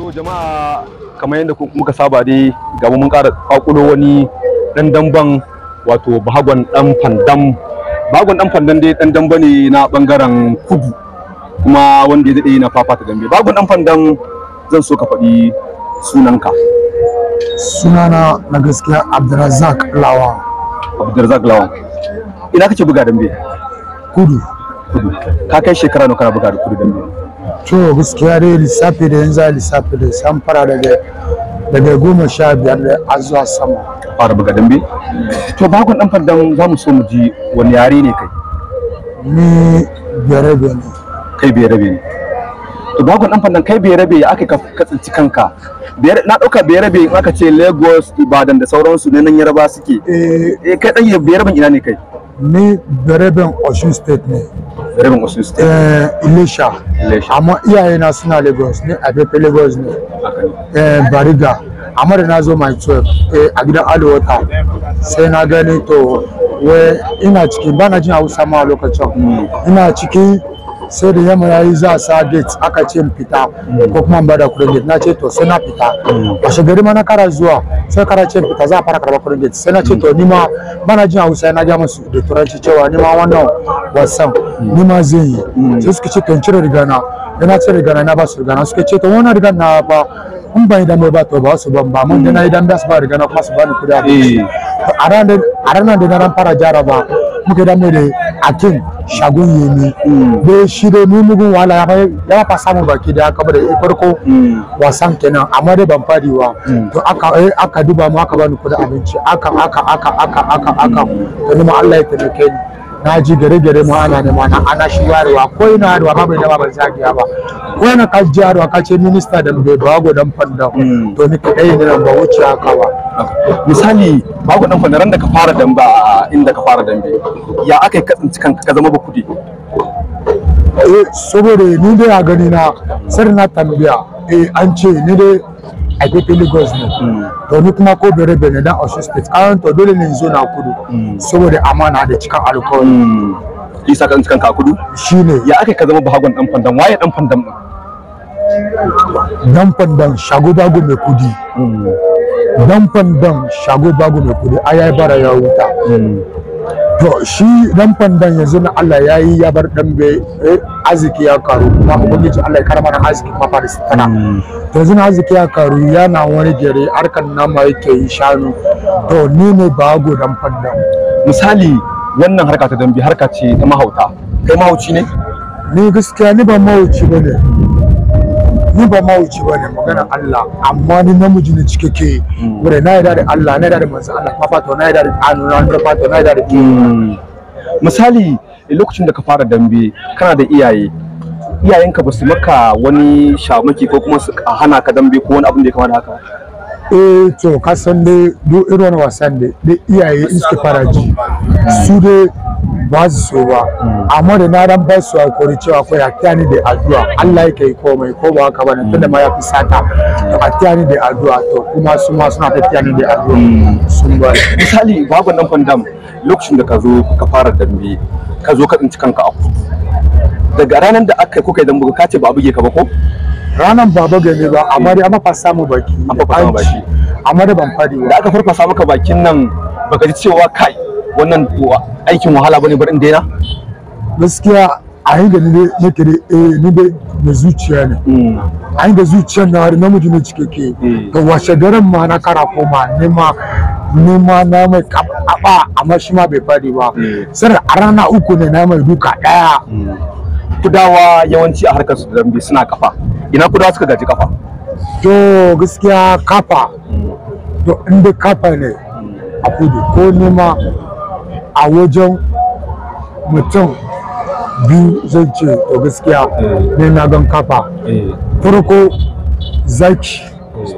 to jama'a kamar yadda muka saba dai ga mun ƙara kwakulo wani ɗan damban wato bahagon ɗan fandam bahagon ɗan fandam dai ɗan damba ne na ɓangaren kudu kuma wanda ya daɗe na fafata dambe bahagon ɗan fandam zan so ka faɗi sunanka sunana na gaskiya abdulrazak lawa abdulrazak lawa ina kake buga dambe kudu kudu ka kai shekara nawa kana buga da kudu dambe to gaskiya dai lissafi da yanzu lissafi da san fara daga daga goma sha biyar da a zuwa sama fara buga dambe to bakon dan faddan za mu so mu ji wani yare ne kai ni biyar ne kai biyar ne to bakon dan faddan kai biyar ya aka ka tsinci kanka na ɗauka biyar in aka ce lagos ibadan da sauransu ne nan yaraba suke eh, eh kai dan biyar ina ne kai ni bereben Osun state ne bereben Osun state eh Ilesha amma iyaye na suna Lagos ni a Bepe Lagos ne eh Bariga amma de na zo my 12 eh agida gidan Alwata sai na gani to we ina cikin na jin Hausa ma lokacin hmm. ina cikin sai da yamma yayi za sa gate aka ce fita ko kuma bada kudin gate na ce to sai na fita a shigari ma na kara zuwa sai kara ce fita za a fara karba kudin gate sai na ce to ni ma bana jin hausa na ga musu da turanci cewa ni ma wannan wasan ni ma zan yi sai suka ce kan cire rigana yana ce rigana na ba su rigana suka ce to wannan rigan na ba in ban idan mai ba to ba su ban ba mun na idan ba su ba rigana kuma su bani kudi eh. a ranar da na ran fara jaraba muka idan mai da akin shagun ne da shi da Mun wala ya fa samu baki da aka bada farko mm. wasan kenan amma dai ban fadi wa mm. to aka eh, aka duba mu aka bani kudin abinci aka aka aka aka aka aka to ni ma Allah ya taimake ni na ji gare gare mu ana ne mana ana shi yarwa ko ina yarewa babu da babu zagiya ba ko ina ka ji yarwa ka ce minista da bai bago dan fanda mm. to ni kadai ne nan ba wuce haka ba ah. misali ba dan dan ran da ka fara damba inda ka fara dambe ya aka yi katsinci kanka ka zama ba kudi eh saboda ni dai a gani na sai na tambiya eh an ce ni dai a gefe lagos ne hmm. to ni kuma ko bere bere dan osun state an to dole ne zo na kudu hmm. saboda amana da cikan alkawari hmm. isa kan cikan kudu shine ya aka ka zama hagon dan fandan waye dan fandan dan fandan shago bago mai kudi dan fandan shago bago mai kudi a yayi bara ya huta to shi dan fandan yanzu na Allah ya yi ya bar dan bai eh, arziki ya karu na ubangiji Allah ya karama na arziki faris tana to yanzu na arziki ya karu yana wani gere harkan nama yake yi shanu to ni ne bago dan fandan misali wannan harka ta dambe harka ce ta mahauta kai mahauci ne ni gaskiya ni ba mahauci bane ni ba mawuci ba ne maganar Allah amma ni namiji ne cikakke wanda hmm. na yarda da Allah na yarda da manzo Allah ma fata na yarda da anu na fata na yarda da ke hmm. misali lokacin da ka fara dambe kana da iyaye iyayenka ba su maka wani shamaki ko kuma su hana ka dambe ko wani abin da ya kama da haka eh to ka san dai duk irin wasan dai iyaye in suka fara ji su dai ba su so ba amma da na dan ba su hakuri cewa ko ya ne da addu'a Allah yake yi komai ko ba haka bane tunda ma ya fi sata to a ne da addu'a to kuma su ma suna ta ne da addu'a sun ba misali babu nan kwandam lokacin da ka zo ka fara dambe ka zo ka tsinci kanka a kudu daga ranar da aka kuka idan buga kace ba a buge ka ba ko ranar ba buge ne ba amma dai amma fa samu baki amma fa samu baki amma da ban fadi da aka farfasa maka bakin nan baka ji cewa kai wannan aikin wahala bane barin daina gaskiya a yin da ni nake da eh ni dai na zuciya ne hmm. a yin da zuciya na har namiji ne ke ga hmm. washe daren ma na kara koma ne ma ne ma na mai kaba amma shi ma bai fadi ba hmm. sai a rana uku ne na mai duka daya kudawa yawanci a harkar su dambe suna kafa ina kudawa suka gaji kafa to gaskiya kafa to inda kafa ne a kudu ko nema a wajen mutum biyu zan ce to gaskiya ne na gan kafa eh. farko zaki eh.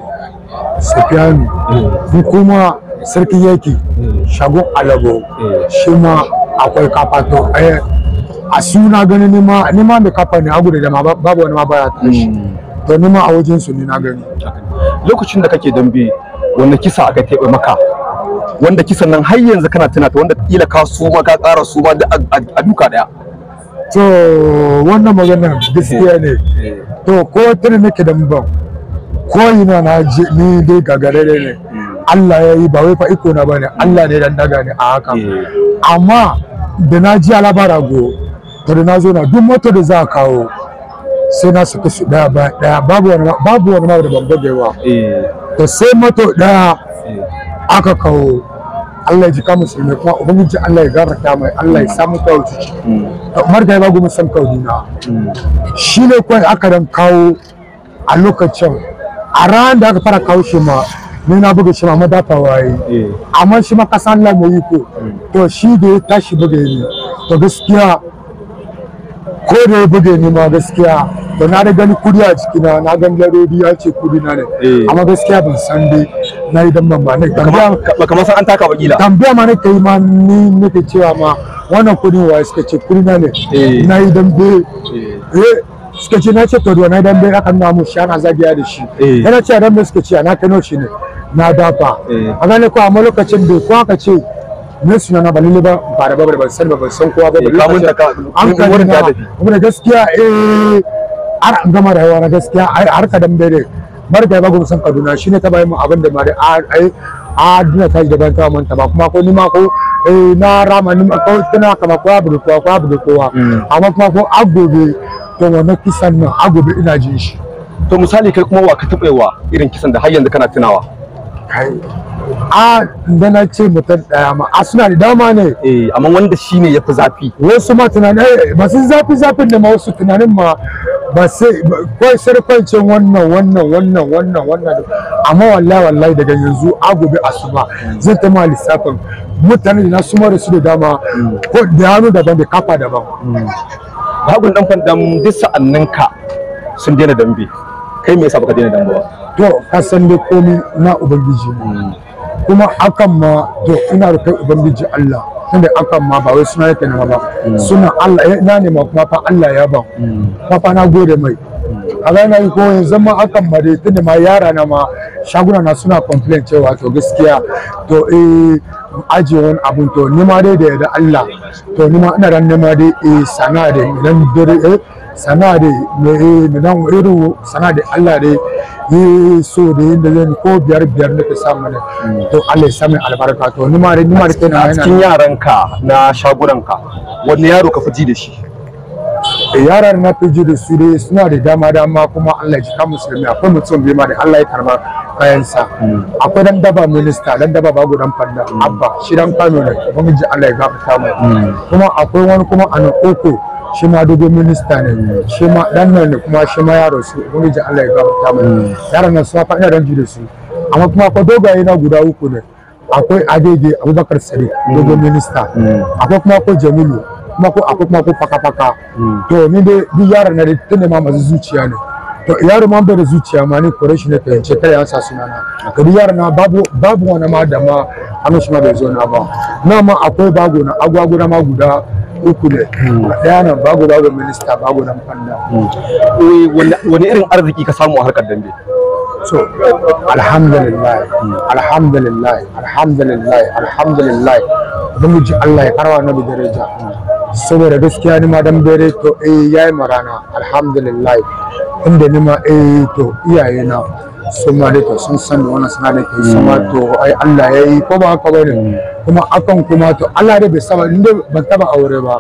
sufiyanu eh. kuma sarki yaki shagon Alago, shi ma akwai kafa to a suna gani nima nima da kafa ne agu da dama babu wani ma baya tashi hmm. to nima a wajen su ne na gani lokacin da kake dambe wani kisa aka taɓa maka wanda kisan nan har yanzu kana tunata, ta wanda kila ka su ma ka tsara su ma a duka daya to wannan magana gaskiya ne eh. to ko tana nake da ban ko ina na je ni dai gagarare ne hmm. Allah ya yi ba wai fa iko na bane Allah ne dan daga ne a haka eh. amma da na ji alabara go to da na zo na duk motar da za ka kawo sai na saka su daya ba daya babu wani babu wani da ban gogewa eh. to sai moto daya aka kawo Allah ya jika ne kuma ubangiji Allah ya gafarta mai Allah ya samu kawo ciki kamar da ya bago musan kawo shi ne kawai aka dan kawo a lokacin a ran da aka fara kawo shi ma ni na buga shi ma ma madafa waye eh. amma shi ma kasa Allah mu ko to shi da ya tashi buga ni to gaskiya ko da ya buga ni ma gaskiya to na da gani kudi a cikina na gan larodi ya ce kudi na ne eh. amma gaskiya ban san dai na yi dan mamma ne kamar san an taka wakila tambaya ma ne kai ma ni nake cewa ma wannan kudi wa suka ce kudi na ne eh. na yi dan be eh. eh suka ce na ce to na yi dan be aka nuna mu shana zagiya da shi eh. yana ce dan be suka ce na kano shi ne na dafa a gane ko amma lokacin da ko aka ce ne suna na balile ba ba da babar ban san ba ban san kowa ba ba mun da ka an kan wurin da gaskiya eh an gama rayuwa na gaskiya har dan be ne marta ba gumu san kaduna shine ta bayan mu abin da mare a dina ta da ban ta manta ba kuma ko ni ma ko eh, na rama ni ma ko tana kama ko abu ko kwa abu kowa mm. amma kuma ko agobe to wannan kisan nan agobe ina jin shi to misali kai kuma wa ka tabewa irin kisan da har yanzu kana tunawa a da na ce mutum daya ma a suna da dama ne eh amma wanda shine ya fi zafi wasu ma tunanin eh, masu zafi zafin da ma wasu tunanin ma ba sai kai sarkwancin wannan wannan wannan wannan wannan amma wallahi wallahi daga yanzu a gobe asuba zai ta ma lissafin mutane na su mara su da dama ko da hannu daban da kafa daban bagun dan fandam duk sa'anninka sun daina dambe kai me yasa baka daina dambe to ka san dai komai na ubangiji mm. kuma hakan ma to ina da kai ubangiji Allah tunda aka ma ba wai suna yake nema ba mm. suna Allah eh, na nema kuma fa Allah ya ba mm. kuma fa na gode mai a ranar yi ko yanzu ma aka ma dai tunda ma yara na ma shaguna na suna complain cewa to gaskiya to eh aje wani abun to nima dai da yarda Allah to nema, ina ran nema dai eh sana da ran dare eh sana'a eh, da nan irin sana'a da Allah da yi so da yin da zan ko biyar biyar ka samu ne mm. to Allah ya samu albarka to ni ma da ni ma da kana yana cikin ka na ka wani yaro ka fiji da shi eh, yaran na fiji da su dai suna da dama dama kuma Allah ya jika musulmi akwai mutum bai ma da Allah ya karba kayansa mm. akwai dan daba minista dan daba bago dan fanda mm. abba shi dan kano ne kuma ji Allah ya gafarta mu kuma akwai wani kuma anan uku shi ma minista ne shi ma dan nan ne kuma shi ma yaro su ji Allah ya gafarta mai yaro nan su ma faɗin ranji da su amma kuma akwai dogaye na guda uku ne akwai agege abubakar sare mm. dogon minista mm. akwai kuma akwai jamilu kuma ko akwai kuma ko faka faka mm. to ni dai bi yaron na da tunda ma masu zuciya ne to yaro ma bai da zuciya ma ni kore shi ne ta yance kai an sa suna na ka bi yaron na babu babu wani ma da ma hannun shi ma bai zo na ba na ma akwai bago na agwago ma guda uku ne hmm. ɗaya nan babu babu minista babu nan fanda hmm. wani irin arziki ka samu a harkar dambe so alhamdulillah hmm. alhamdulillah alhamdulillah alhamdulillah ji Allah ya karwa na daraja saboda gaskiya ni ma dan bere to eh yayi marana alhamdulillah inda ni ma eh to iyaye su ma dai to sun sani da wannan suna da ke su ma to ai Allah ya yi ko ba haka ba ne kuma akan kuma to Allah dai bai saba inda ban taba aure ba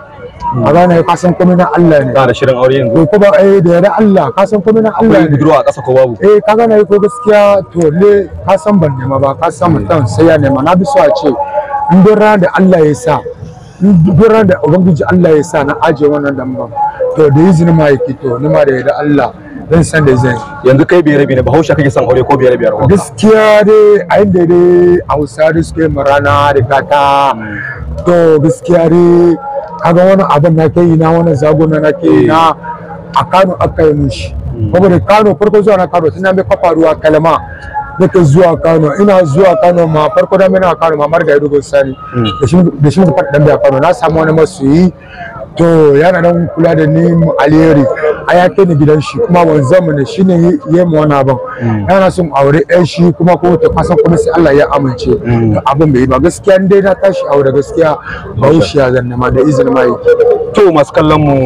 a ranar ya kasan komai na Allah ne da shirin aure yanzu ko ba eh da yarda Allah kasan komai na Allah ne budurwa a ƙasa ko babu eh ka na yi ko gaskiya to le kasan ban nema ba kasan mutum sai ya nema na bi so a ce in dora da Allah ya sa dora da ubangiji Allah ya sa na aje wannan ba. to da izinin ma yake to nima da yarda Allah zan san da zai yanzu kai bai rabi ne bahaushe kake san aure ko bai rabi yarwa gaskiya dai a inda dai wasa da suke marana da kaka to gaskiya dai kaga wani abin na ke yi na wani zago na ke yi na a kano aka yi mushi hmm. da kano farko zuwa na kano suna bai kafa ruwa kalma nake zuwa Kano ina zuwa Kano ma farko da muna Kano ma marga Yadugo Sani hmm. da shi da shi da Kano na samu wani masoyi to yana nan kula da ni alheri a kai ni gidan shi kuma wanzan mu ne shine yayi mu wani abin mm. yana son aure ɗan shi kuma ko ta fasa kuma sai Allah ya amince mm. abin bai ba gaskiya dai na tashi aure gaskiya bai shi ya zanna ma da izinin mai to masu kallon mu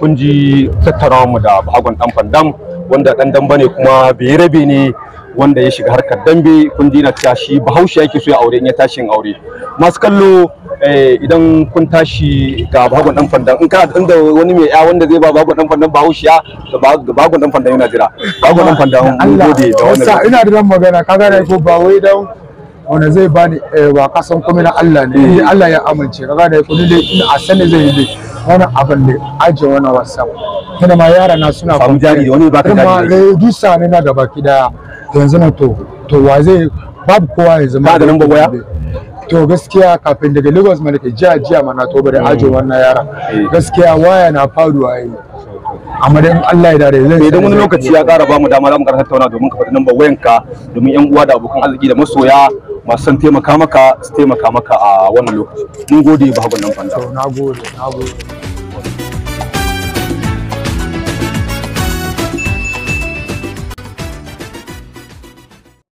kun ji tattarawa mu da bagon dan fandam wanda dan dan bane kuma bai rabe ne wanda ya shiga harkar dambe kun ji na tashi bahaushe yake so ya aure in ya tashi aure masu kallo Eh, idan kun tashi ga bagon dan fandan in ka inda wani mai ya wanda zai ba bagon dan fandan ba hushiya ga bagon dan fandan yana jira bagon dan fandan mun gode da wannan ina da dan magana kaga dai ko ba wai dan wanda zai bani wa eh, kasan kuma na Allah ne ni Allah ya amince kaga dai ko ni in a sani zai yi wannan abin da aje wani wasan tana ma yara na suna samu jari wani ba baka jari Kuma dusa ne na gaba kida yanzu na to to wa zai babu kowa yanzu ma da nan gogoya. to gaskiya kafin daga lagos ma nake jiya jiya ma na toba da mm. ajo wannan yara eh. gaskiya waya na faruwa yi amma dan Allah ya dare zai eh, idan wani lokaci ya kara ba mu dama za mu ƙara tattauna domin ka faɗi number ka domin yan uwa da abokan arziki da masoya masu son taimaka maka su taimaka maka a wannan lokaci mun gode ba hagun nan fanda